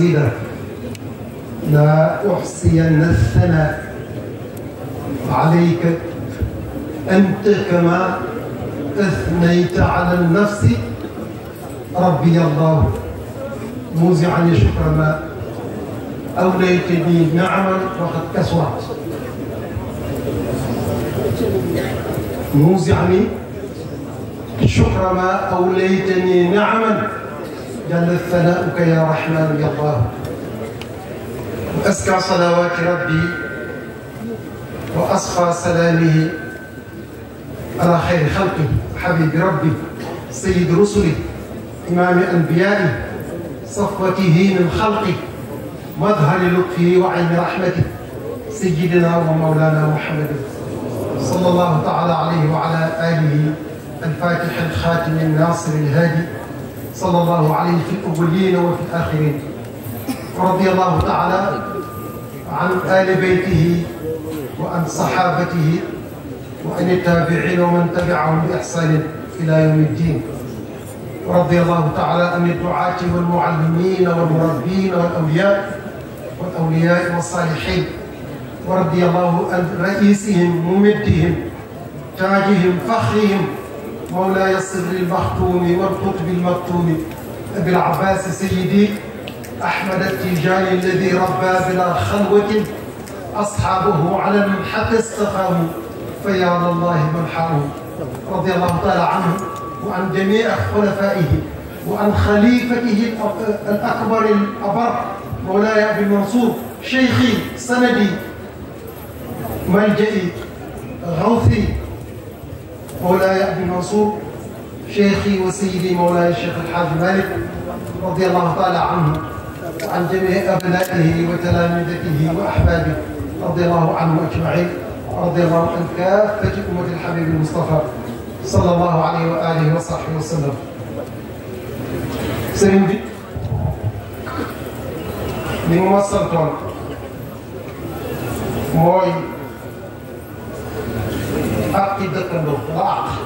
مزيدا لا أحصين الثناء عليك أنت كما أثنيت على النفس ربي الله موزعني شكر ما أوليتني نعما وقد كسرت موزعني شكر ما أوليتني نعما جل ثناؤك يا رحمن يا الله وأزكى صلوات ربي وأصفى سلامه على خير خلقه حبيب ربي سيد رسله إمام أنبيائه صفوته من خلقه مظهر لطفه وعين رحمته سيدنا ومولانا محمد صلى الله تعالى عليه وعلى آله الفاتح الخاتم الناصر الهادي صلى الله عليه في الأولين وفي الآخرين ورضي الله تعالى عن آل بيته وعن صحابته وعن التابعين ومن تبعهم بإحسان إلى يوم الدين ورضي الله تعالى عن الدعاة والمعلمين والمربين والأولياء والأولياء والصالحين ورضي الله عن رئيسهم ممدهم تاجهم فخرهم مولاي السر المختوم والقطب المكتوم أبي العباس سيدي أحمد التيجاني الذي ربى بلا خلوة أصحابه على المنحه استقاموا فيا لله من حاره رضي الله تعالى عنه وعن جميع خلفائه وعن خليفته الأكبر الأبر مولاي أبي المنصور شيخي سندي ملجئي غوثي مولاي ابي المنصور شيخي وسيدي مولاي الشيخ الحاج مالك رضي الله تعالى عنه وعن جميع أبنائه وتلامذته وأحبابه رضي الله عنه أجمعين رضي الله عن كافة أمة الحبيب المصطفى صلى الله عليه وآله وصحبه وسلم سيدي بي لممثل موي أقد كنو وأعطي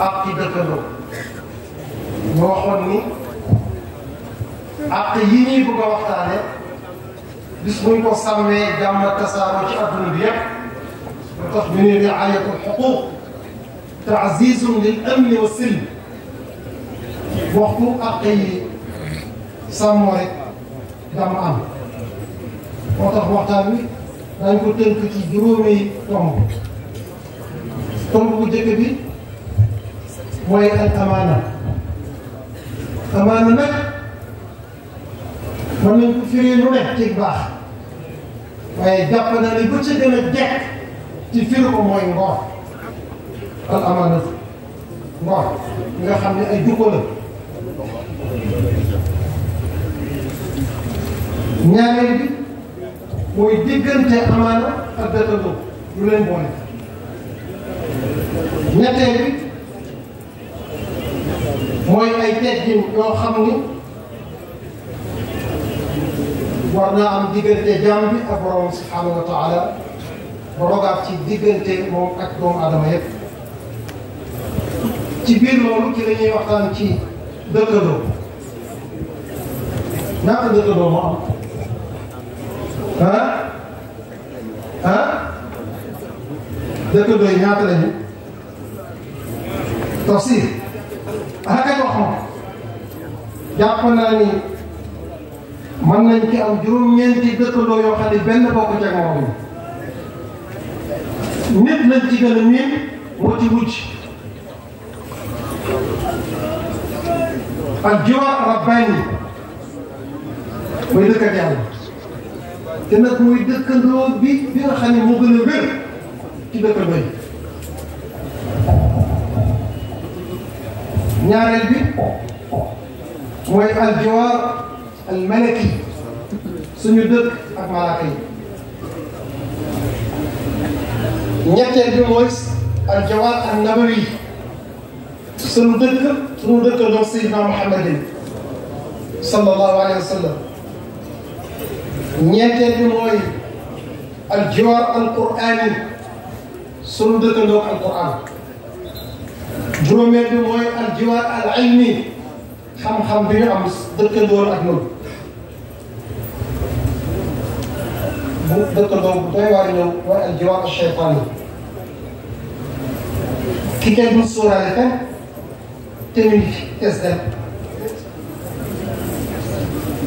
أقد كنو نوحني àq yii ñuy bëgg a waxtaane bis buñ ko sàmmee jàmm tasaaroo ci adduna bi yëpp lu tax ñu ne riaayatul xuquuq taasisun lil amni wa silm waxtu àq yi sàmmoo rek jàmm am moo tax waxtaan wi dañ ko tënk ci juróomi tomb tomb bu njëkk bi mooy al amaana amaana nag mën nañ ko firi lu nekk ci baax waaye jàpp naa ne bu ci gën a jekk ci firi ko mooy ngor al amaana ngor nga xam ne ay jukko la ñaareel bi mooy diggante amaana ak dëkkandoo lu leen boole ñetteel bi mooy ay teggin yoo xam ni war naa am diggante jaam bi ak borom subhaanahu wa taala ba rogaat ci diggante moom ak doomu aadama yëpp ci biir loolu ci la ñuy waxtaan ci dëkkandoo ñaata dëkkandoo moo am ah ah dëkkandoo yi ñaata lañu tafsir ana kañ waxoon jàpp naa ni mën nañ ci am juróom-ñeenti dëkkandoo yoo xam ne benn bokk ca moom nit lañ ci gën a miin moo ci mujj ak jiwaat rabbayni muy dëkk ak yàlla te nag muy bi bi nga xam gën a wér. نعم تبغي نار البي موي الجوار الملكي سنيو دك اك نعم نياتيل بي موي الجوار النبوي سنيو دك سنيو دك دو سيدنا محمد صلى الله عليه وسلم نياتيل الجوار القراني sunu dëkkandoog alquran juróomeel bi mooy al jiwaar al ilmi xam-xam bi ñu am dëkkandoor ak ñun bu dëkkandoor bu doy waar ñëw mooy al jiwaar al cheytaan ki kenn du sóoraale kan te mi ngi fi des dem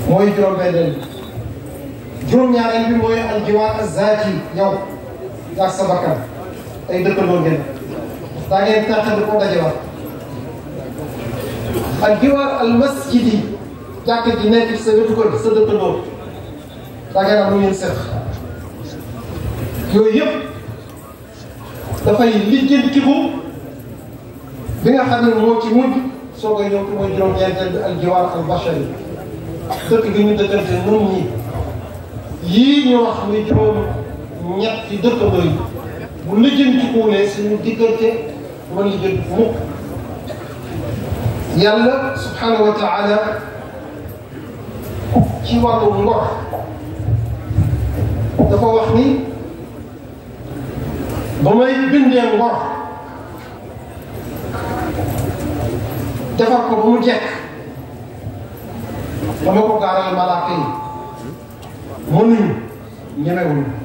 mooy juróom-benneel bi juróom-ñaareel bi mooy al jiwaar al zaati yow ak sa bakkan ay dëkkandoo ngeen daa ngeen tàqandi ko dajewaat ak jiwaar al masjid yi jàkk ji nekk sa wetu kër sa dëkkandoo daa ngeen am lu ngeen seq yooyu yëpp dafay lijjanti ko bi nga xam ne moo ci mujj soo koy ñëw ki mooy juróom-ñeenteel bi al jiwaar al bachari dëkk gi ñu dëkkante nun ñi yii ñu wax muy juróom ñetti dëkkandoo yi bu lijjantikoolee suñu diggante ba lijjanti mukk yàlla subhanahu wa taala ci wàllu ngor dafa wax ni ba may bindee ngor defar ko ba mu jekk dama ko gaaral malaaka yi mënuñu ñemewuñu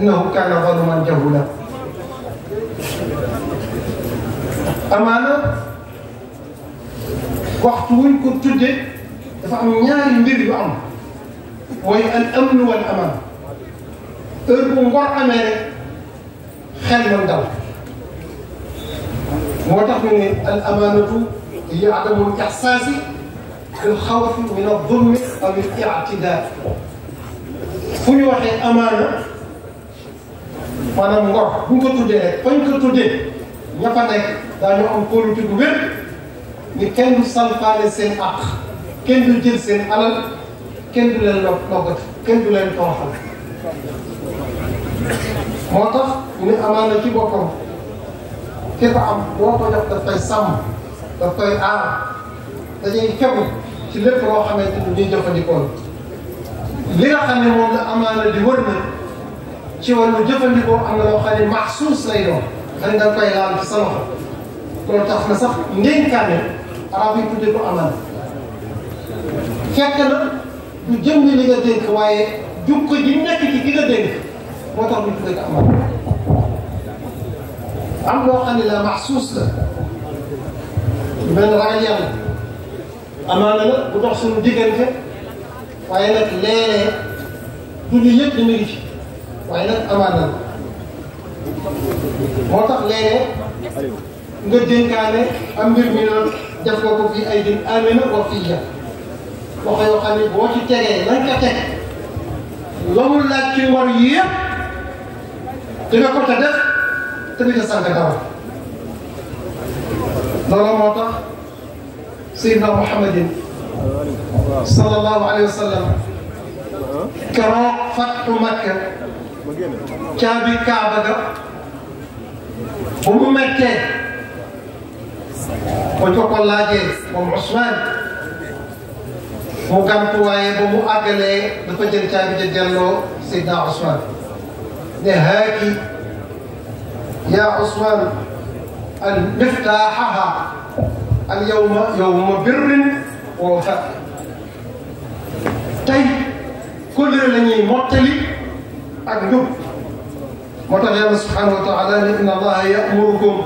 إنه كان ظلما جهولا أمانة وقت وين كنت تجد دفع نيال مبير بعم وهي الأمن والأمان إربون قرع مالك خير من دولك وتقني الأمانة هي عدم الإحساس بالخوف من الظلم أو الاعتداء فني وحي أمانة maanaam ngor buñ ko tuddee rek bañ ko bu wér ni kenn du salfaane seen àq kenn du jël seen alal kenn du leen log loggati kenn du leen toroxal moo tax ñu ne amaana ci boppam ki ko am boo ko jox daf koy sàmm daf koy aar dañuy fegu ci lépp loo xamante ni ñuy jëfandikoo li nga xam ne moom la amaana di ci wàllu jëfandikoo am na loo xam ne maxsuus lay doon xëy da nga koy laal ci sa loxo loolu tax na sax ndénkaane arab yi tudde ko amal fekk na du jëm li nga dénk waaye jukko ji nekk ci ki nga dénk moo tax ñu tudde ko amal am loo xam ne la maxsuus la mel ne ragal yàlla amaana la bu dox suñu diggante waaye nag léeg-léeg du ñu yëpp ñu ngi waaye nag amaana moo tax léeg-léeg nga dénkaane am mbir mi noonu def nga ko fii ay din amina wa fiya wax yoo xam ne boo ci tegee lan nga teg loolu laaj ci ngor yëpp dina ko ca def te dina sànq dara loolu moo tax Seydina Muhammadin sallallahu alayhi wa sallam keroog Fatxu Makka caabi kaaba ga bu mu mettee ba ñu ko laajee moom Ousmane mu gàmtu waaye ba mu àggalee dafa jël caabi ja delloo Seydina Ousmane ne haaki yaa Ousmane al miftaaxaha al yawma yawma birrin wa wafa tey kóllëre la ñuy mottali وقال الله سبحانه وتعالى ان الله يامركم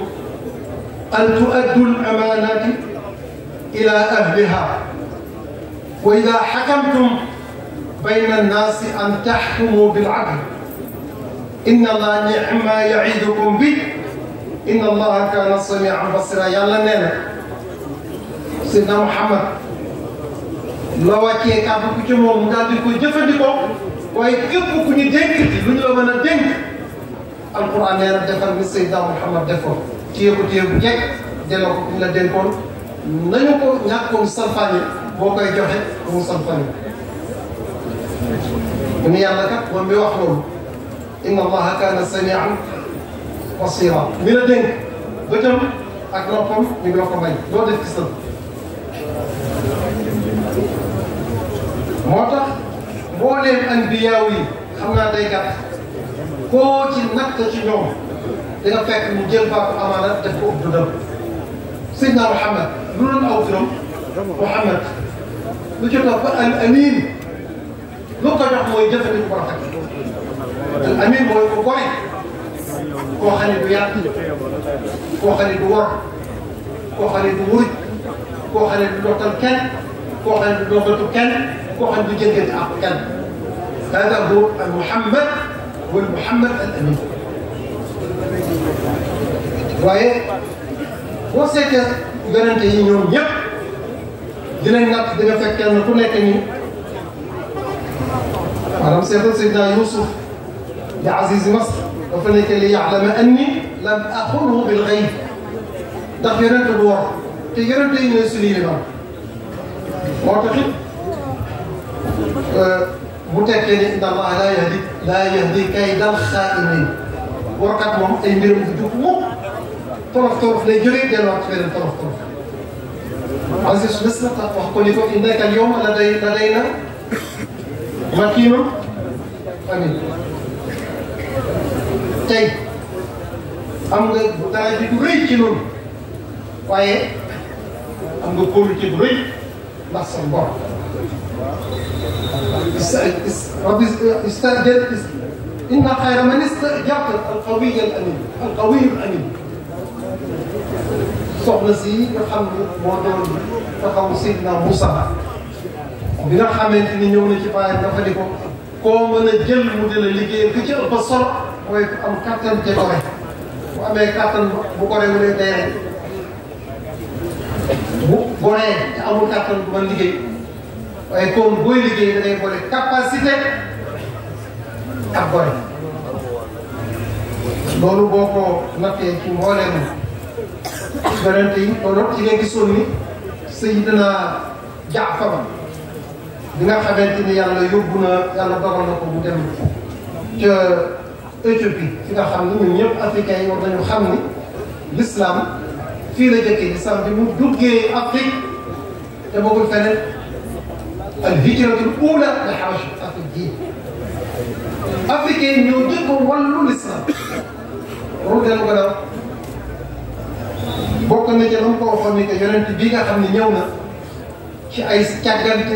ان تؤدوا الامانات الى اهلها واذا حكمتم بين الناس ان تحكموا بالعدل ان الله نعم يعيدكم به ان الله كان سميعا بصيرا يا الله نينا سيدنا محمد لو كي كابو كي موم waaye képp ku ñu dénk ci lu ñu la mën a dénk alquran nee na defal bi Seydina Muhammad defoon téye ko téye bu jekk delloo ko ñu la dénkoon nañu ko ñàkkoon salfaañe boo koy joxe mu salfaañe mu yàlla kat moom mi wax loolu inna allaha kaana samian basira mi la dénk bëtam ak noppam ñu ngi la ko may doo def ci sën moo tax mbooleem anh yi xam naa day gàtt koo ci natt ci ñoom da nga fekk mu jël baatu amaana def ko ub dundam Seydina Muhammad lu doon aw turam Muhammad lu ci topp al amin lu ko jox mooy jëfandiku ko rafet al amin mooy ku gore koo xam ne du yàq koo xam ne du wor koo xam ne du wuruj koo xam ne du dootal kenn koo xam ne du doogatu kenn واحد بجد يتعقل هذا هو المحمد هو المحمد الامين وهي وسيت غرانتي نيوم ياب دينا نات دينا فكان كو نيك ني فرام سيدنا يوسف يا عزيز مصر وفنك ليعلم اني لم اخنه بالغيب دخيرت الوقت تيرنتي نسلي لما وقتك bu tekkee ni inna allaha laa yahdi laa yahdi kaydal xaa'iniin warkat moom ay mbiram du jub mukk torof torof lay jógee delluwaat ci beneen torof torof Aziz bés na tax wax ko ni ko innaka al yawma laday ladayna makiinun amin tey am nga dara ji du rëy ci noonu waaye am nga kóolu ci du rëy ndax sa borom ربي يستأجر إن خير من استأجر القوي الأمين القوي الأمين صحب نسي يرحمه موضوعنا تقوم سيدنا موسى بنا حمد إن يوني كفاية نفلكم كوم من الجل مدل اللي كي يلقي البصر كاتن كتوري وأما كاتن بقري ولي تيري بقري أمو كاتن من waaye koom booy liggéey da ngay capacité ak boole loolu boo ko nattee ci mbooleem yonent yi loolu ci nga gisoon ni Seydina Jaafar bi nga xamante ni yàlla yóbbu na ko mu dem ca nga xam ne ñun ñëpp africains yi war nañu xam ni l'islam fii la jëkkee l'islam bi mu duggee Afrique te bokkul feneen الهجرة الأولى لحرش أفكين أفكين يدقهم ولو لسا رجع لغنا بوكنا جلن بوخنا جلن تبيغا خمني نيونا كي أي سكاكنت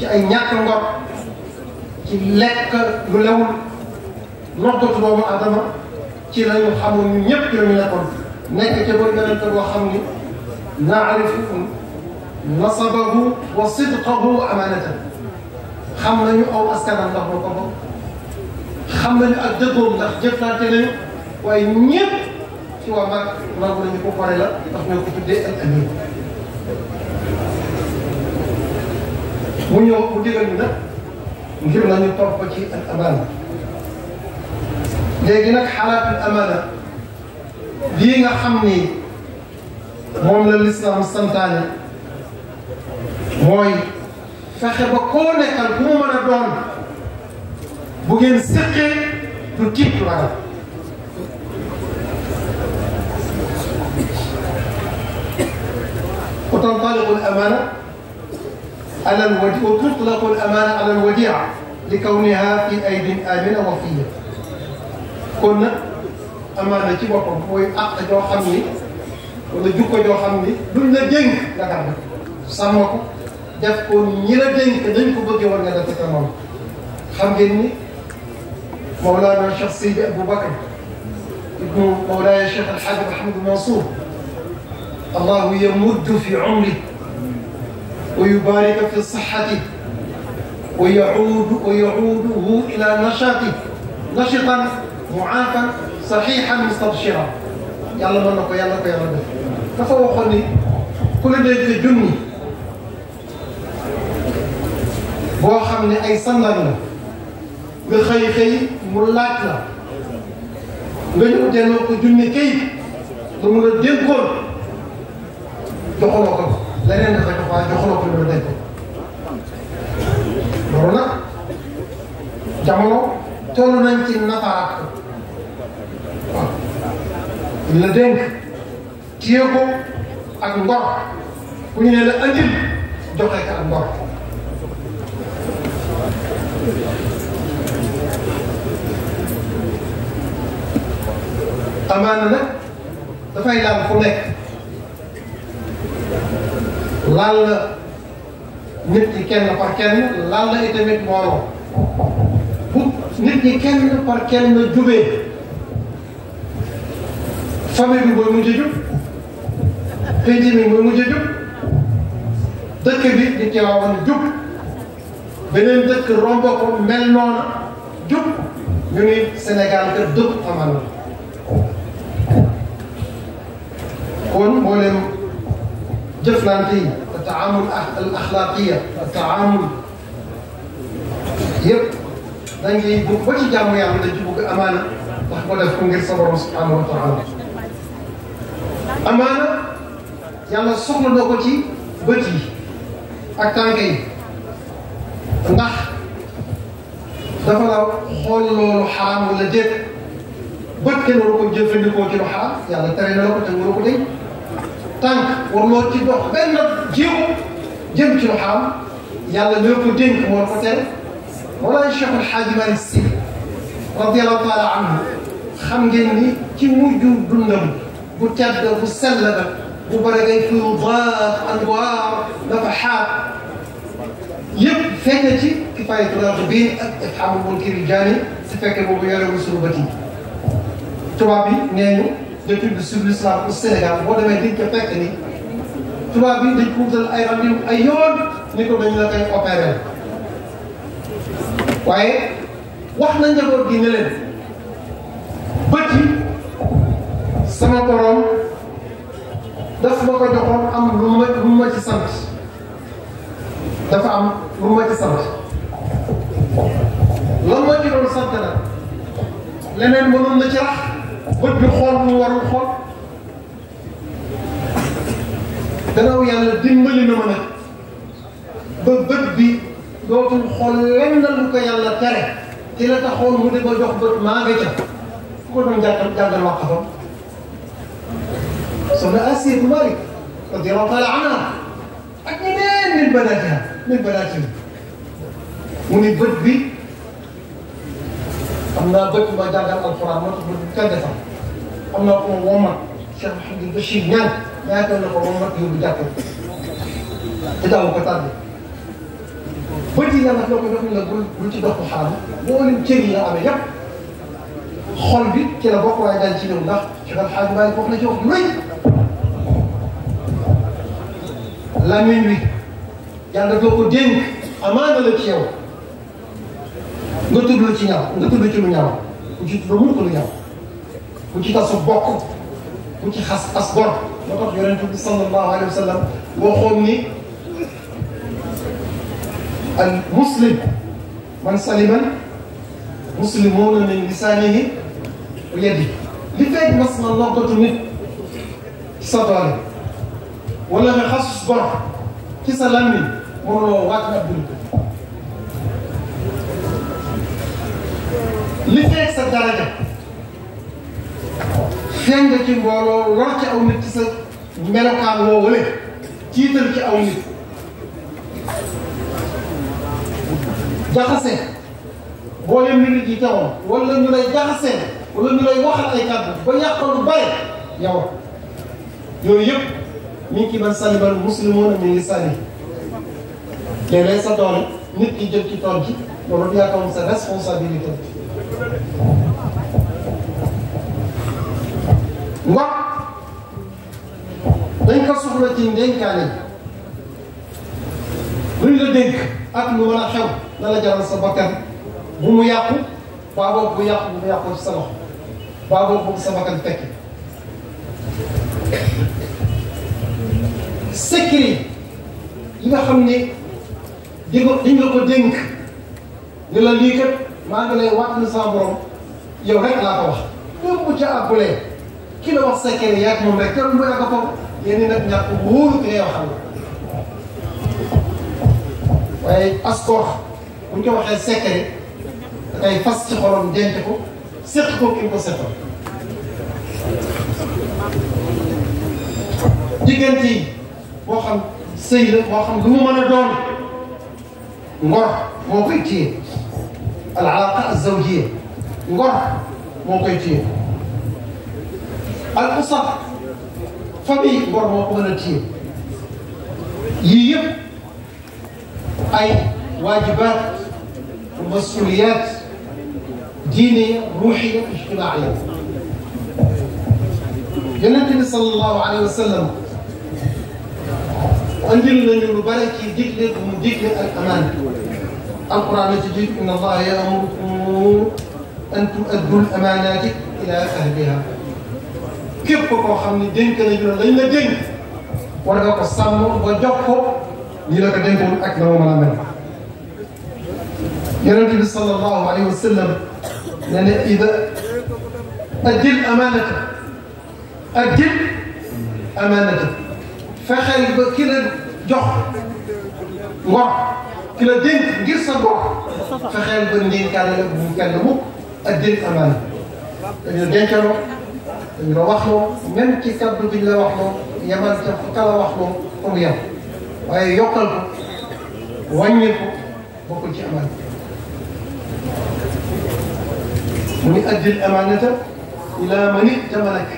كي أي نياكنغا كي لك لولون نقطة بابا أدما كي لا يخمون نيبكر من لكم نكتبون لنا تبوخمني نعرفكم nasabahu wa sidqahu wa amaanatahu xam nañu aw askanam ndax moo ko moom xam nañu ak dëggoom ndax jëflante nañu waaye ñëpp ci waa mag nangu nañu ko pare la ndax ñoo ko tuddee ak amin mu ñëw mu digal ñu nag ngir nañu topp ci ak amaana léegi nag xalaatul amaana lii nga xam ni moom la lislaam santaane mooy fexe ba koo nekkal bu mu mën a doon bu ngeen séqee du tiit ragal وتنطلق الأمانة على الوديعة وتطلق الأمانة على الوديعة لكونها في أيد آمنة وفية kon nag amaana ci boppam mooy àq joo xam ni wala jukko joo xam ni luñ la dénk nga gàllankoor sàmm ko. def ko ñi la dénk nañ ko bëggee war nga def ko moom xam ngeen ni Mawlana Cheikh Seydi Aboubacar ibnu Mawlaya Cheikh El Hadj Mahamadou Mansour allahu yamuddu fi umri wa yubarika fi sihhati wa yaudu wa yauduhu ila nashati nashitan muaafan sahihan mustabshiran yàlla mën na ko yàlla ko yàlla def dafa waxoon ni ku la dénkee junni boo xam ne ay sandal la nga xëy xëy mu laaj la nga ñëw delloo ko junni kayit lu mun a dénkoon ko leneen nga ko jox waaye joxuloo ko lu nekk loolu ko waaw la dénk téye ko ak ngor ku ñu ne la andil joxe ak ngor amaana nag dafay laal fu nekk laal la nit ñi kenn par kenn laal la itamit mbooloo bu kenn par kenn jubee famille bi mooy mujj a mi mooy mujj a jub dëkk bi di beneen dëkk romb ko mel noonu jub ñu ni Sénégal kat dëkk amal na kon mboolem jëflante yi taamul al axlaaqiya taamul yëpp da ngay bu ba ci jàmm yàlla da ci bugg amaana ndax ko def ko ngir sa borom subhanahu wa taala amaana yàlla soxla na ko ci bët yi ak tànk yi ndax dafa la xool loolu xaraam wala déet bët kenn waru ko jëfandikoo ci lu xaraam yàlla tere na la ko te waru ko dégg tànk warloo ci dox benn jéego jëm ci lu xaraam yàlla ñoo ko dénk moo ko tere wala Cheikh El Hadj Malick Sy radiyallahu taala anhu xam ngeen ni ci mujj dundam bu tedd bu sell la bu bëri ngay fiyu baax anwaar nafaxaat yëpp feeñ na ci kifaayatu raadu bii ak asxaabu munkiri jaani su fekkee boobu yorewul suñu bët yi tubaab bi nee ñu depuis sur l'islam au Sénégal boo demee di nga fekk ni tubaab bi dañ ko wutal ay rendez-vous ni ko dañ la koy waaye wax na njaboot gi ne leen bët yi sama borom daf ma ko joxoon am lu ma lu ma ci sant. dafa am lu ma ci sant lan moo ci doon sant la leneen mënoon na ci rax bët bi xool mu warul xool gannaaw yàlla dimbali na ma nag ba bët bi dootul xool lenn lu ko yàlla tere ci la taxoon mu di ko jox bët maa nga ca fu ko doon jàngal jàngal wàqafam soxna Asiya bu Malik radiyallahu taala anha ak ñeneen min banaatiha ne balaatin mu bët bi am naa bët bu ma jàngal alxuraan moo tax bët kenn am naa ko ma woomat Cheikh Mouhamadou Bachir ñaan ñaata na ko woomat yóbbu jàppal te daaw ko tardé bët yi yàlla na ko la bul bul ci dox ko xaram boo leen cër la amee yëpp xol bi ci la bokk waaye dañ ci ñëw ndax ci la xaaj bàyyi foofu la ci wax luy lamiñ wi yàlla dafa ko dénk amaana la ci yow nga tudd lu ci ñaaw nga tudd ci lu ñaaw ku ci tudd mukk lu ñaaw ku ci tasu bokk ku ci xas as gor moo tax yonent bi sallallahu alayhi wa sallam waxoon ni al muslim man saliman muslimuuna min lisaanihi wa yadihi li fekk mas na nokkatu nit ci sa doole wala nga xasus gor ci sa làmmiñ mënuloo wàcc ab bunt li feeg sa daraja feeñ nga ci mbooloo lor ci aw nit ci sa melokaan woo wële ciital ci aw nit jaxase boo leen nit ñi di tawoon wala ñu lay jaxasee wala ñu lay waxal ay lu bare yow yooyu yëpp mi ngi ci man salibal muslimuuna mi sali léeg-léeg sa nit ki jël ci tool ji loolu du wax dañ ko soxla ci ndénkaane luñ la dénk ak lu mën a xew na la jaral sa bakkan bu mu yàqu baaboo bu yàqu bu mu yàqu ci sa loxo bu sa bakkan fekk sécurité yi nga xam ne di ko di nga ko dénk ni la lii kat maa ngi lay wàtt ni sama borom yow rek laa ko wax même bu ca àppalee ki la wax sekkee yaa ngi moom rek jarul mu yàgg foofu yéen nag ñàkk wóoru ki ngay waxal waaye askoox bu ñu ko waxee sekkee da fas ci xolam denc ko séq ko ki ko seqal diggante yi boo xam sëy la boo xam lu mu mën نقرح موقيتين العلاقة الزوجية نقرح موقيتين الأسر فمي نقرح موقيتين ييب أي واجبات ومسؤوليات دينية روحية اجتماعية جنة النبي صلى الله عليه وسلم andil nañu lu bare ci digle bu mu digle ak amaan alquran la ci dig inna allaha yaamurukum an tuaddul amaanaati ila ahliha képp koo xam ne dénk nañu la lañ la dénk war nga ko sàmm ba jox ko ñi la ko dénkoon ak na ma mën a mel yonent bi sallallahu alayhi wa sallam nee na ida addil amaanata addil amaanata fexeel ba ki la jox ngor ki la dénk ngir sa ngor fexeel ba ndénkaane la bu kenn mukk ak dénk amaana dañu la dencanoo dañu la waxloo même ci kaddu bi ñu la waxloo yemal ca fu kala waxloo fa mu yem waaye yokkal ko wàññi ko bokkul ci amaana mu ni addil amaanata ila man itamalak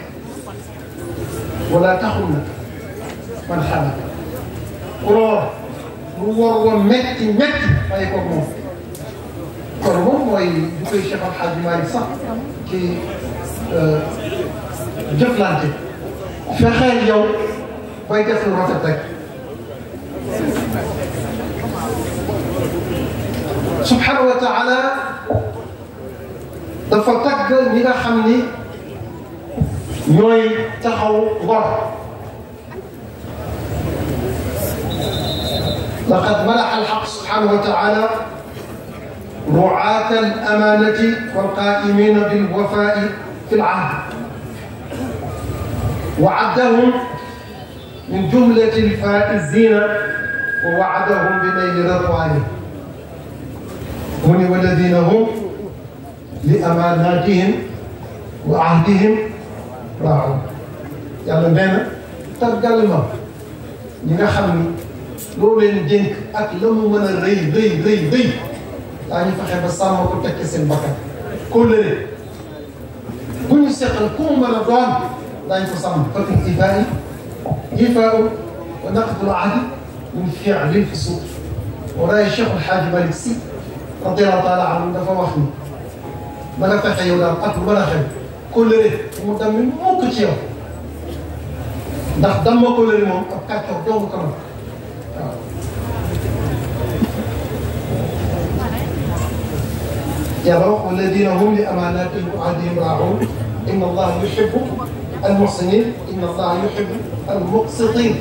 wala taxul nag man xanaa ku lool lu war woon métti métti bàyyi ko moom kon moom mooy bu koy Cheikh Al Hadj Malick sax ci jëflante fexeel yow bay def lu rafet rek subhanahu wa taala dafa tagg ñi nga xam ni ñooy taxaw ngor لقد منح الحق سبحانه وتعالى رعاة الأمانة والقائمين بالوفاء في العهد وعدهم من جملة الفائزين ووعدهم بنيل رضوانه هم والذين هم لأماناتهم وعهدهم راعون يلا بينا تبقى لما لنخمي loo leen dénk ak la mu mën a rëy rëy rëy rëy daa ñu fexe ba sàmm ko tekki seen bakkan kóllëre bu ñu seqal ku mu mën a doon daañu ko sàmm fa fi ifaay ifaaw wa naqdul adi min fi'li fi suuf walaay Cheikh El Hadj Malick Sy radiyallahu taala anhu dafa wax ni ba nga fexe yow daal ak lu mën a xew kóllëre mu dem mukk ci yow ndax dama kóllëre moom ab kàccoor doomu kanam يروح الذين هم لاماناتهم قادين راعون ان الله يحب المحسنين ان الله يحب المقسطين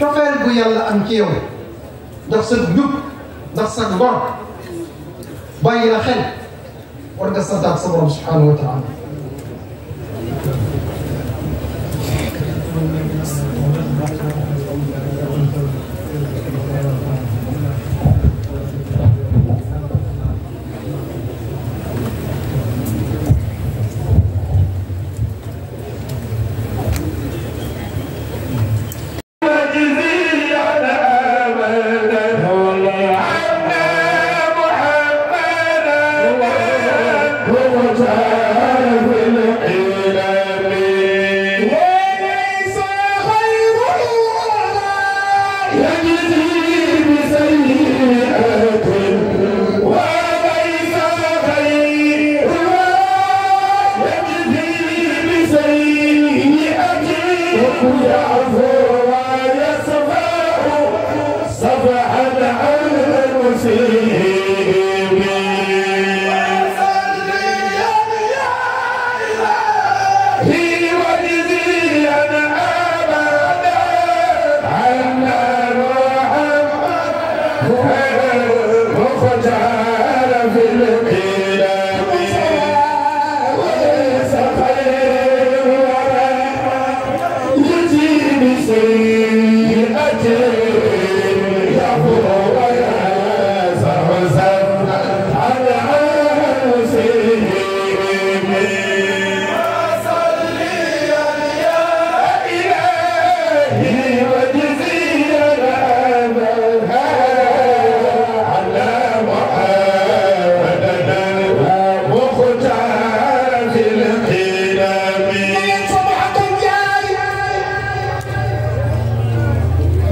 كفر بو يلا امكيو داك سك دوب داك سك بار باي لا خيل ورد سبحانه وتعالى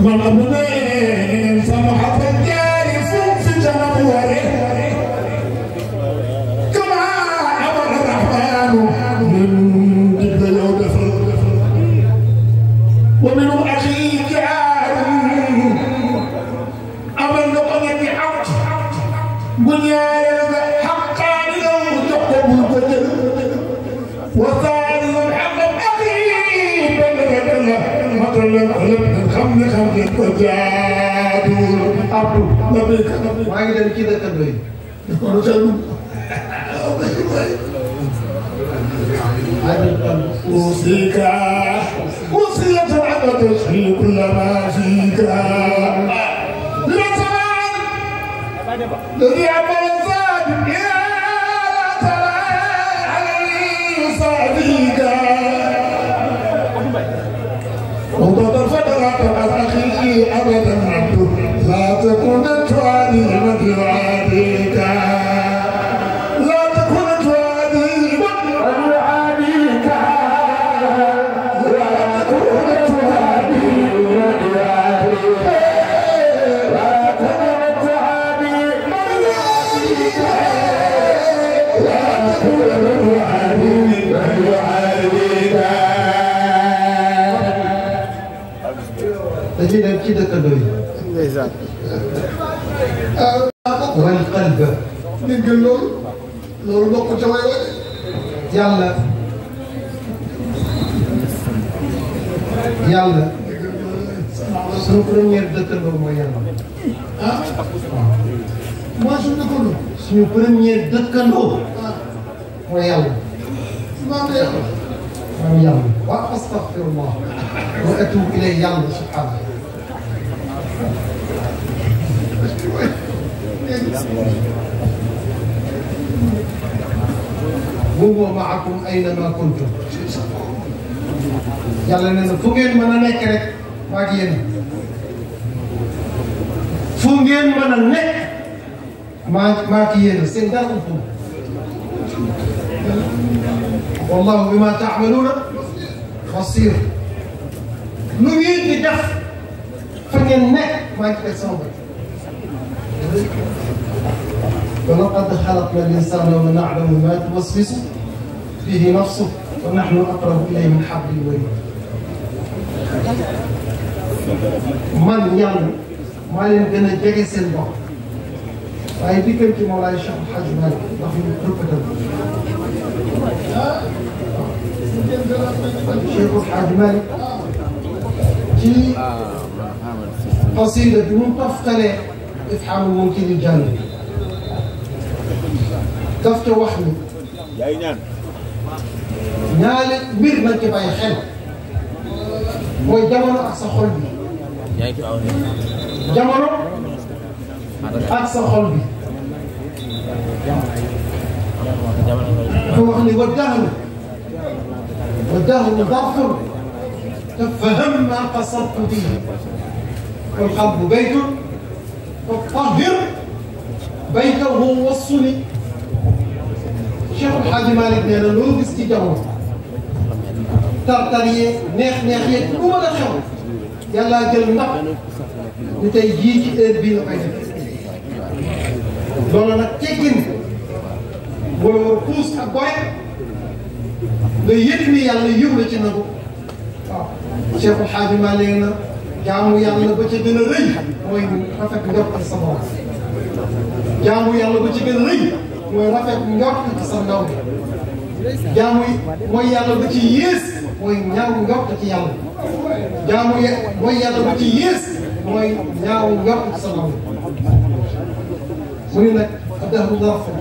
والأبناء سمحت maa ngi dem ci dëkkandoo yi. waaw أوصيك وصية العبد في كل ما فيك لا تنام قلبه نعم والقلب نقول له لو بقوا جواي يلا yàlla suñu première dëkkandoo mooy yàlla ah mooy suñu dëkkandoo suñu première dëkkandoo mooy yàlla maam wa astaghfirullah wa atubu ilay yalla, subhanahu huwa maakum aynama kuntum yàlla nee na fu ngeen mën a nekk rek maa ngi yéen fu ngeen mën a nekk maa maa ngi yéen seen dara fu wallahu bima taamaluuna basir lu ngeen di def fa ngeen nekk maa ngi teg sama bët ولقد خلقنا الانسان يوم نعلم ما توسوس به نفسه ونحن اقرب اليه من حبل الوريد. من يرمي ما يمكن ان يجلس البحر. اي بكم كما لا يشاء الحجم ما في كركه الشيخ الحاج مالك قصيده من طف افحموا ممكن الجنة كفتو وحمي جاي نعم ñaale mbir nañ ci bàyyi xel mooy jamono ak sa xol bi jamono ak sa xol bi ku wax ni wa dahru wa dahru darfun te faham ma qasartu bihi والقلب بيت فطهر بيته وصلي شيخ الحاج مالك نانا نوض استجاهم ترتري نخ نخ يتقوم على شعور يلا جل نق نتيجيك اربين قيدك دونا نتكين ورقوس أبوي ليتني يلا يوم لجنبو آه. شيخ الحاج مالك نانا jaamu yàlla ba ca gën a rëy mooy rafet njort ci sa borom jaamu yàlla ba ca gën a rëy mooy rafet njort ci sa ndaw jaamu mooy yàlla ba ci yées mooy ñaaw njort ci yàlla jaamu mooy yàlla ba ci yées mooy ñaaw njort ci sa ndaw mu ne nag dahru darfa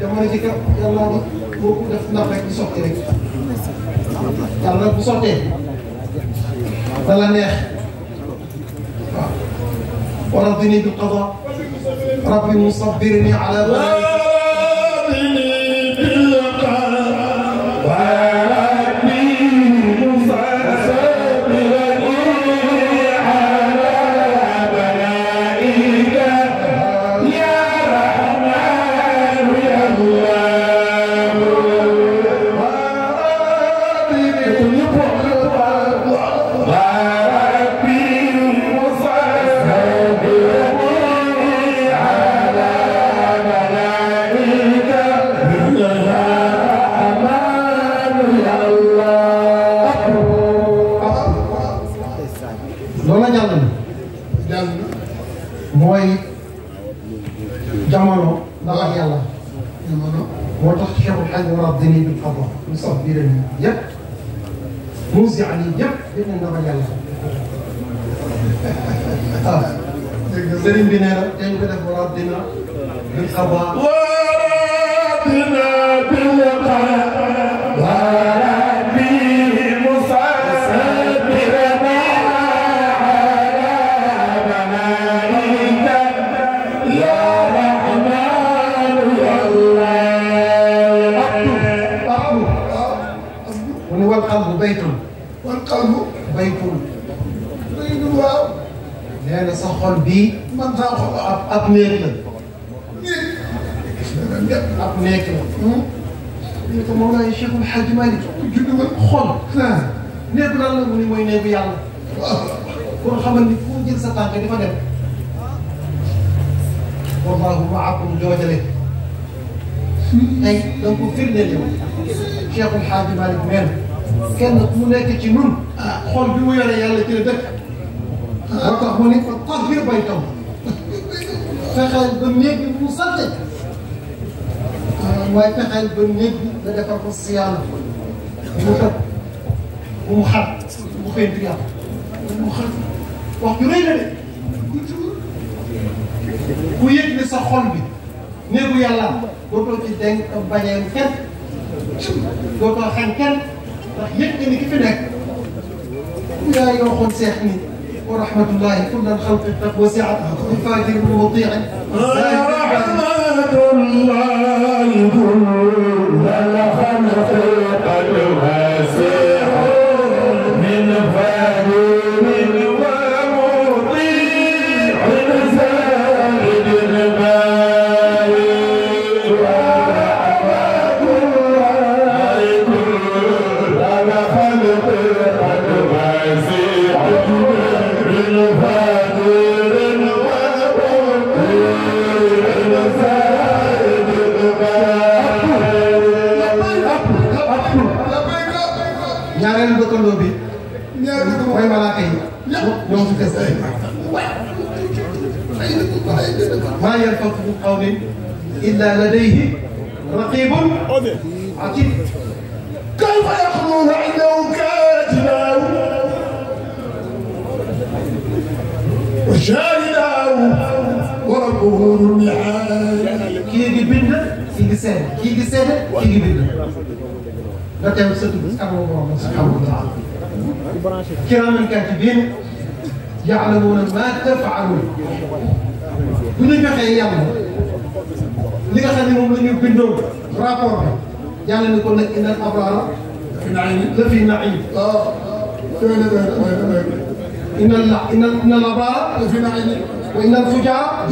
jamono ji kat yàlla di moo ko def ndax rek di sotti rek yàlla bu sottee dala neex ورضني بالقضاء ربي مصبرني على ما अपने एक अपने एक يقول مولاي الشيخ الحاج مالك جدو خل نبلا نبني وين نبي يلا كون خمن نكون جلسة تاكل ما نبي والله معكم جوجله اي لو كفرنا اليوم الشيخ الحاج مالك مين كان هناك جنون خل بويا يلا تلدك وتخوني فطهر بيتهم fexeel ba néeg bi bu mu salte waaye fexeel ba néeg bi nga defar ko si yàlla bu mu tëb bu mu xar bu mu xëy du yàlla bu mu xar wax ju rëy la de ku yëg ne sa xol bi néegu yàlla dootoo ci denc bañeelu kenn dootoo xañ kenn ndax yëg nga ni ki fi nekk yaa yoo xoon seex nii ورحمة الله كل الخلق قد وسعت بفاجر ومطيع رحمة الله كل الخلق قد وسعت ما يلفظ من قول الا لديه رقيب عتيد كيف يخلون عنده كاتباه وشاهداه وربه ذو المحال كيجي بنا كي سنه كيجي سنه كيجي بنا لا تنسوا سبحان الله سبحانه وتعالى كراما الكاتبين يعلمون ما تفعلون بني فخي يامو ليغا خاني موم لا نيو بيندو رابور يالا نكون نك ان الابرار لفي نعيم ان ان ان الابرار في نعيم وان الفجار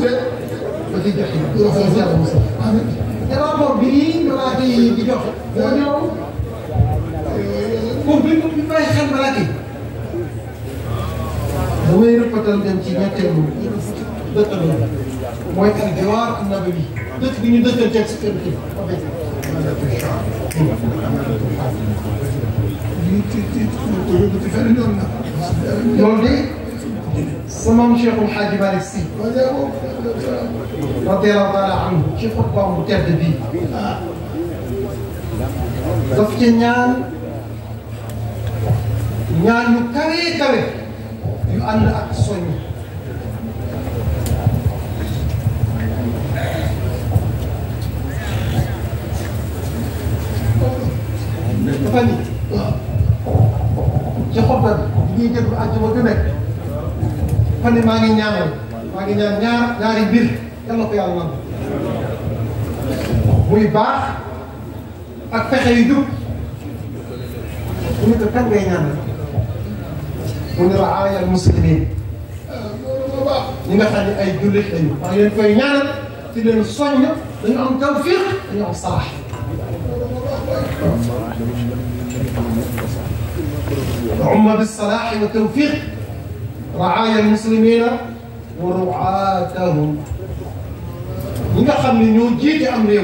لفي نعيم رسول الله صلى رابور بي راتي بي kooku buñ ko buñ bàyyi xel balaa kii damay rëppatal dem ci ñetteelu dëkkandoo mooy al jiwaar an nabawi dëkk bi ñu dëkkal teg si kër gi. loolu de sama maam Cheikhul Hadji Malick Sy radiyallahu taala anhu ci xutbaam bu tedd bii daf ca ñaan. nyanyu kare kare kawe yu ànd ak soññ dafa ci xobal bi ñuy déglu àjjuma du nekk fan ni maa ngi ñaanal maa ngi ñaan ñaar ñaari ko muy baax ak yu ñu ko ngay ñaanal ونرعايا المسلمين نحن أي دولة حين طيب، فإن أنا في الصنع إن توفيق إن صلاح هم نعم بالصلاح والتوفيق رعايا المسلمين ورعاتهم نيغا خامل نيو جيتي ام ريو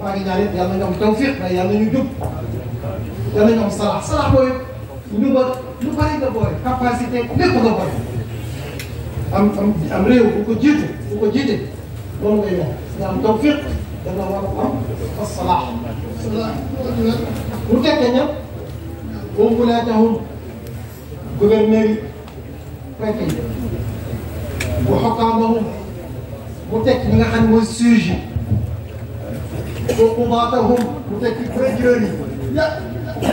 باغي ناري يالا نيو توفيق يالا نيو جوب يالا نيو صلاح صلاح بو نيو lu bari nga boole capacité lépp nga boole am am am réew bu ko jiitu bu ko jiite loolu ngay wax nga am tawfiq da nga war a am as-salaah. bu fekkee ñëpp boobu bu laa taxul gouverneur yi préfet yi bu xokkaamahum bu teg li nga xam ne mooy juge yi bu qubaatahum bu teg ci procureur yi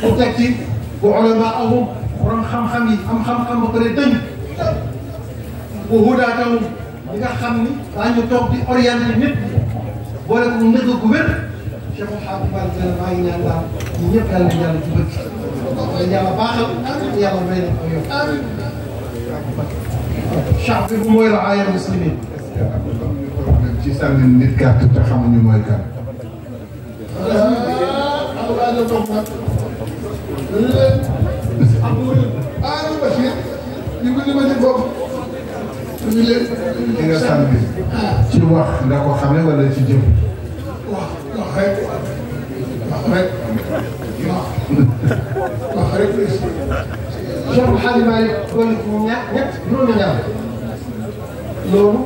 bu teg ci bu ulamaahum borom kham kham yi kham kham kham ba pare dëng bu hudaa taw li nga xam ni daañu toog di orienté nit boole ko nëgg gu wér Cheikh Mouhamed Bal dana maa ngi ñaan daal ñu ñëpp yàlla na yàlla jubal ci yàlla baaxal yàlla may na ko yow charte bu mooy la muslimin ci sànni nit gàtt te xamuñu mooy kan Thank you. ah ñu ba si ñu guddi ba ci bopp. ñu leen. li nga sànni. Ah. ci wax nga ko xamee wala ci jëf. wax wax rek wax rek wax wax rek. Cheikh Mouhamed Malick doon ñett juróomi ñaar loolu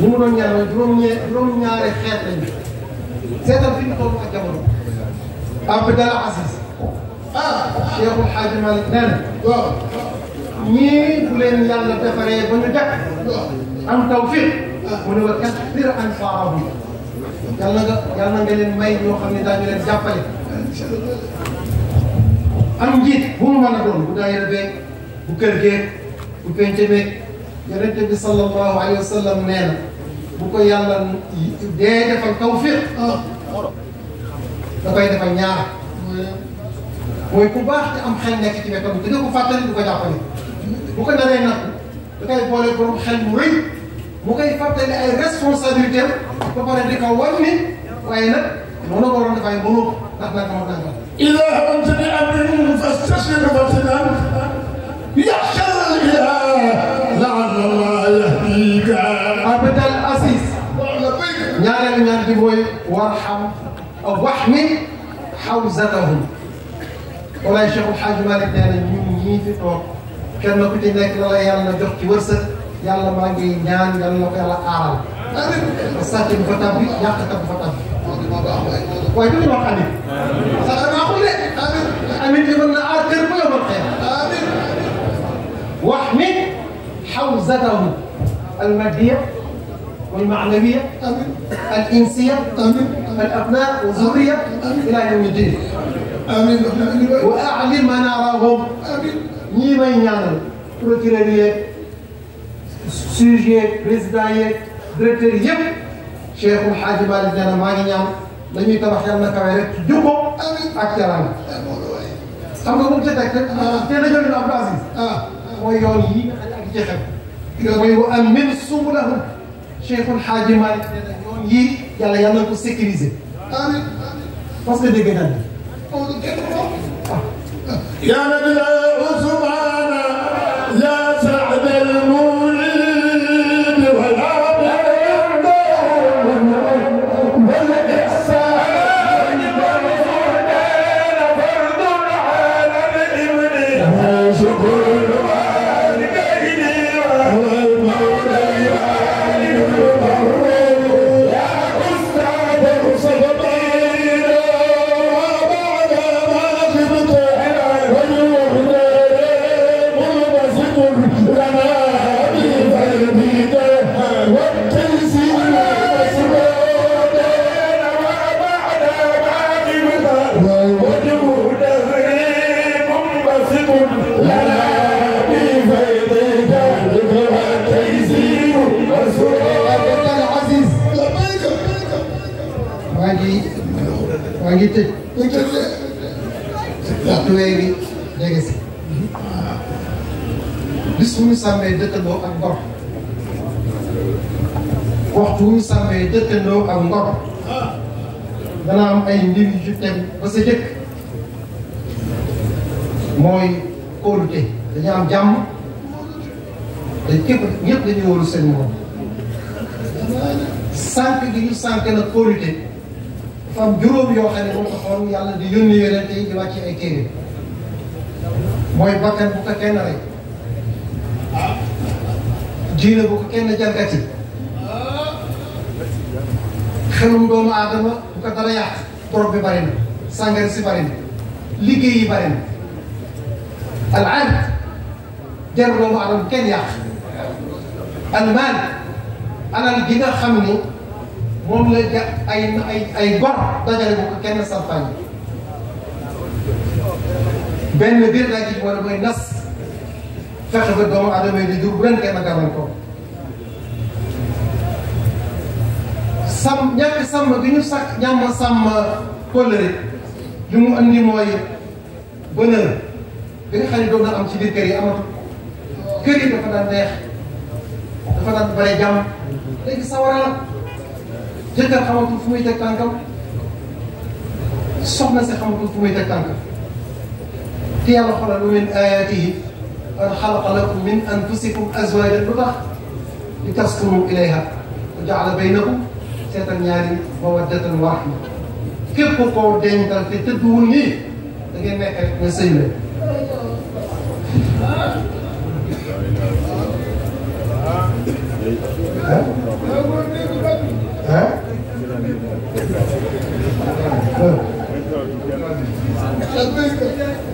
bu mu doon ñaar juróom-ñaari xeet lañu seetal fi mu toll ak jamono. Abdallah Aziz Cheikh El Hadj Malick nee na ñii bu leen yàlla defaree ba ñu def am tawfiq mu ne wa kathir ansaarahum yàlla nga yàlla nga leen may ñoo xam ne daañu leen jàppale. am njiit bu mu mën a doon bu daayira beeg bu kër geeg bu penc beeg yonent bi sallallahu alayhi wa sallam bu ko yàlla dee defal tawfiq da defal ñaar. mooy ku baax te am xel nek ci wetam dina ko fatal du ko jàppale bu ko naree nak da kay bolé borom xel mu rëy mu kay fatal ay responsabilité ko pare di ko wone waye nak mënoo ko waroon dafay mënoo ndax nag moo tàngal إذا أنت بأمر فاستشر وتنام يخشى الإله لعل الله يهديك أبد الأسيس ñaareel ñaan bi mooy warxam waxmi xawzatahum walaay Cheikh Hadj Malick nee na ñun ñii fi toog kenn ku ci nekk la la yàlla jox ci wërsëg yàlla maa ngi ñaan yàlla na ko yàlla aaral. sàcc bu fa tàbbi yàqkat bu fa tàbbi. waaye du ñu wax amin. sax damaa xule. amin li mën na aar kër ba yombal xeer. wax mi xawzatahu almadiya والمعنوية الإنسية الأبناء والذرية إلى يوم الدين وأعلم أنا راهم نيما ينال بروكيرارية سوجية بريزداية دريتر يم شيخ الحاج بارد أنا ما ينام لم يتبخي أنا كبيرك جوكو أكثر أنا أما كم تتكلم تنجل من أبرازيز ويقول لي ويؤمن سبلهم شيخ الحاج مالك يقول لي يلا يلا نكون سيكريزي امين امين فاصل دي جدال yaa rabbi usmaana di yónni yonent yi di wàcc ay téere mooy bakkan bu ko kenn rey diine bu ko kenn jalgati xelum doomu aadama bu ko dara yàq trop bi bari si bari liggéey yi bari na doomu aadama kenn yàq al alal gi xam ni moom la ja ay ay ay gor dajale kenn salfaañ benn biir laa ci boole mooy nas fexe ba doomu aadama yi di jur bu leen kenn gàllan ko sàmm ñàkk sàmm gi ñu sàkk ñàmm sàmm kóllëre li mu andi mooy bonheur bi nga xam ne doon na ci biir kër yi amatu kër yi dafa daan neex dafa daan bare jàmm léegi sawara la jëkkër xamatul fu muy teg tànkam soxna si xamatul fu muy teg tànkam في القرآن من آياته أن خلق لكم من أنفسكم أزواج لطخ لتسكنوا إليها وجعل بينكم ستنيال مودة واحدة كيف تقول دينك في تدوني لكن نسيب Thank you.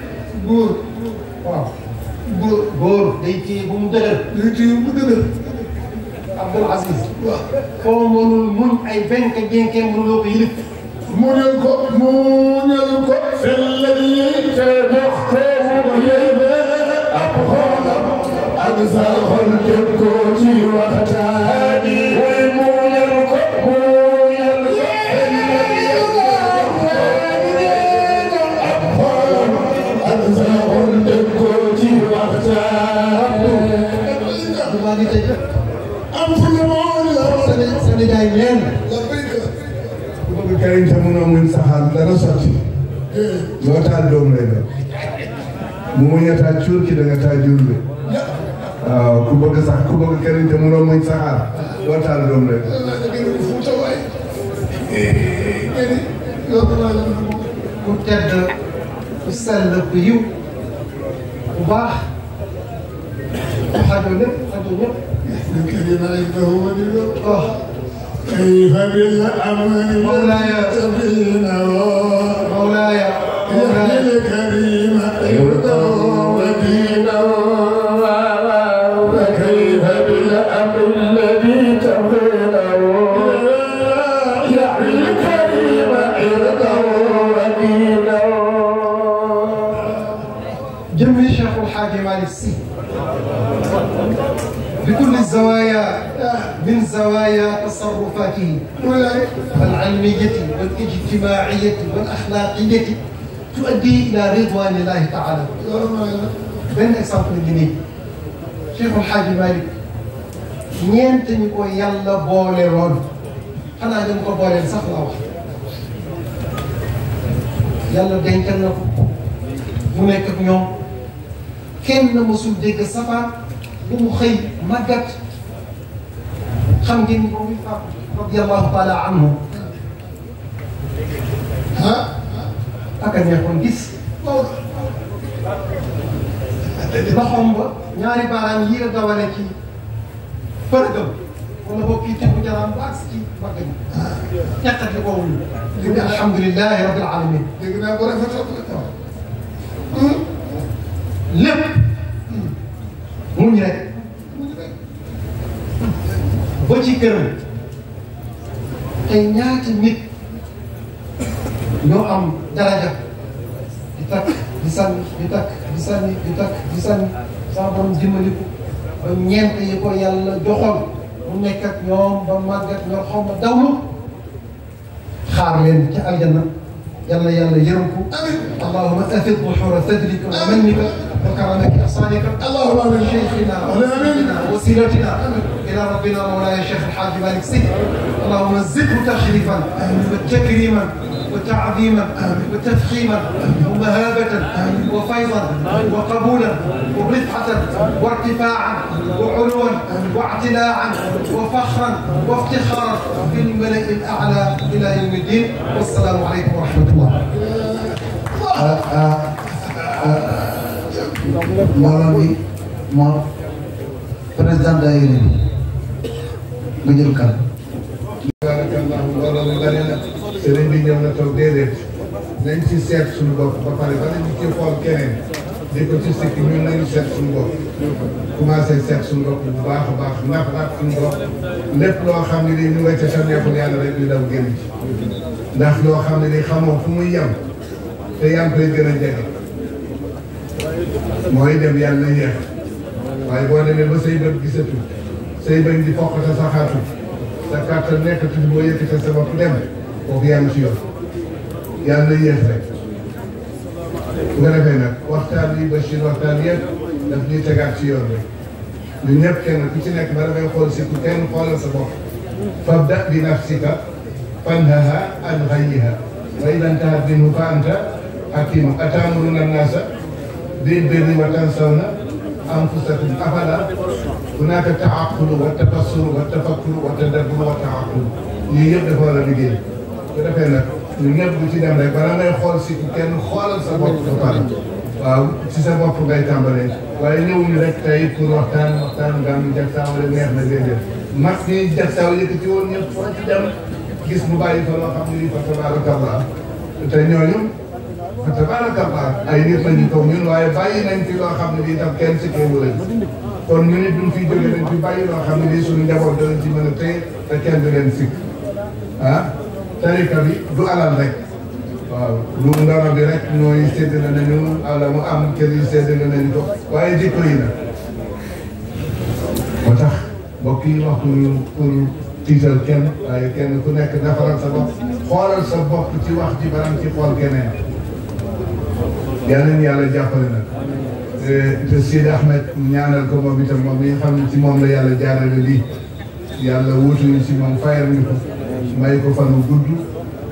góor waaw góor góor day téye bu mu dëgër day téye bu mu dëgër Abdul Aziz waaw foo mënul muñ ay benn jenkee mënuloo ko yëlif mu ne ko mu ne ko te muñ te mënoo muñ saxaar dara sotti loo taal doom lay doon mu muñataa cuur ki da nga taa jur bi waaw ku bëgg sax ku bëgg këriñ te mënoo muñ saxaar loo taal doom lay doon ku tedd ku sell ku yiw ku baax ku xajoo lépp xajoo ñëpp كيف بالأمن مولاي تبين مولاي يحيي الكريم يرضى ودينا وكيف بالأمر الذي تبين يحيي الكريم يرضى ودينا جميل شيخ الحاج مالك السي بكل الزوايا من زوايا تصرفاته العلمية والاجتماعية والأخلاقية تؤدي إلى رضوان الله تعالى بين إصابة الدنيا شيخ الحاج مالك نين تنكو يلا بولي رون أنا أدنكو بولي سخلا واحد يلا دينكنا هناك يوم كن مسؤول ديك السفر ومخي مكت خمد رضي الله تعالى عنه ها أكن يكون جس بحوم نياري باران يير دواليكي فرقم ولا بوكي تبو جرام باكسكي بقن يقتل قول الحمد لله رب العالمين لقنا بورا فتحة لقنا لقنا muñ rek ba ci këram tey ñaata nit ñoo am daraja di takk di sànni di takk di sànni di takk di sànni saa borom dimbali ko ba ñeent yi ko yàlla joxoon mu nekk ak ñoom ba màggat ñoo xaw ma dawlu xaar leen ci aljanna يلا يلا يرمكم اللهم افض بحور فضلك ومنك وكرمك اصالك اللهم من شيخنا وسيدنا وسيلتنا الى ربنا مولاي الشيخ الحاج مالك سيد اللهم زده تشريفا وتكريما وتعظيما وتفخيما ومهابة وفيضا وقبولا ورفعة وارتفاعا وعلوا واعتلاعا وفخرا وافتخارا في الملأ الأعلى إلى يوم الدين والسلام عليكم ورحمة الله. مولاي مولاي moo président daayira bi baarakallahu loolu la leneen sëriñ bi ñëw na toog déedéet nañ ci seet suñu bopp ba pare bala ñu ci xool keneen di ko ci sikki ñun nañu seet suñu bopp commencé seet suñu bopp baax baax ndax ndax suñu bopp lépp loo xam ne ni ñu nga ca sa neexul yàlla rek ñu daw génn ci ndax xam ne ni xamoo fu muy yem te yam koy gën a jege mooy dem yàlla yéex waaye boo demee ba say bët gisatu say bañ di foq te saxaatu sa kàttan nekkatul boo yëkkatee sa bopp dem kooku yaa ngi ci yoon yàlla yéex rek. nga defee nag waxtaan yi waxtaan yëpp daf ñuy tegaat ci yoon rek ñun ñëpp kenn ku ci nekk ba dafay xool si ku kenn xoolal sa bopp. fabda bi nafsika fanhaha an ghayyiha wa idha intahat minhu fa anta hakim atamuruna an-nasa bil birri wa tansawna انفسكم افلا هناك تعقل والتفسر والتفكر والتدبر والتعقل يجب خول ليغي دا فين نك ني نيب سي دم ريك بالا ناي خول سي كين خول سا بوك فبار واو سي سا بوك فغاي تامبالي واي نيو ني ريك تاي كور وقتان وقتان غام ديال تاول نير نير نير ما سي ديال تاول ديك تيون ني فوتي دم كيس موبايل فلو خامني فتبارك الله تاي نيو fa tabarakallah ay nit lañu toog ñun waaye bàyyi nañ fi xam ne di tam kenn kon ñu mën a téye te kenn du leen sikk ah tarika bi du alal rek waaw lu ndoro bi rek ñooy séddale nañu ala mu am kër yi nañu ko waaye jikko yi moo tax mbokk yi waxuñu pour tiital kenn waaye kenn ku nekk defaral sa bopp xoolal sa bopp ci wax ji baram ci xool keneen yal nañu yàlla jàppale nag eh, te Sidi Ahmed ñaanal ko moom itam moom mi xam ne ci moom la yàlla jaarale lii yàlla wutuñu ci moom fayal ñu ko may ko fanu gudd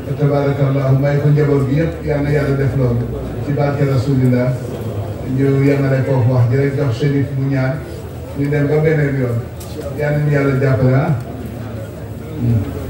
te tabarakallahu may ko njaboot gi yëpp yal na yàlla def loolu ci barke rasulillah ñu yemale foofu wax di jox chérif mu ñaan ñu dem ba beneen yoon yal nañu jàppale ah hmm.